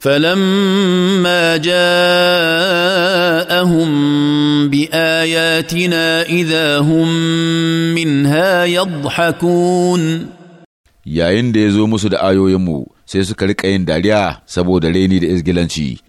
فلما جاءهم باياتنا اذا هم منها يضحكون yayin da ya zo musu da ayoyinmu sai suka riƙa yin dariya saboda raini da izgilanci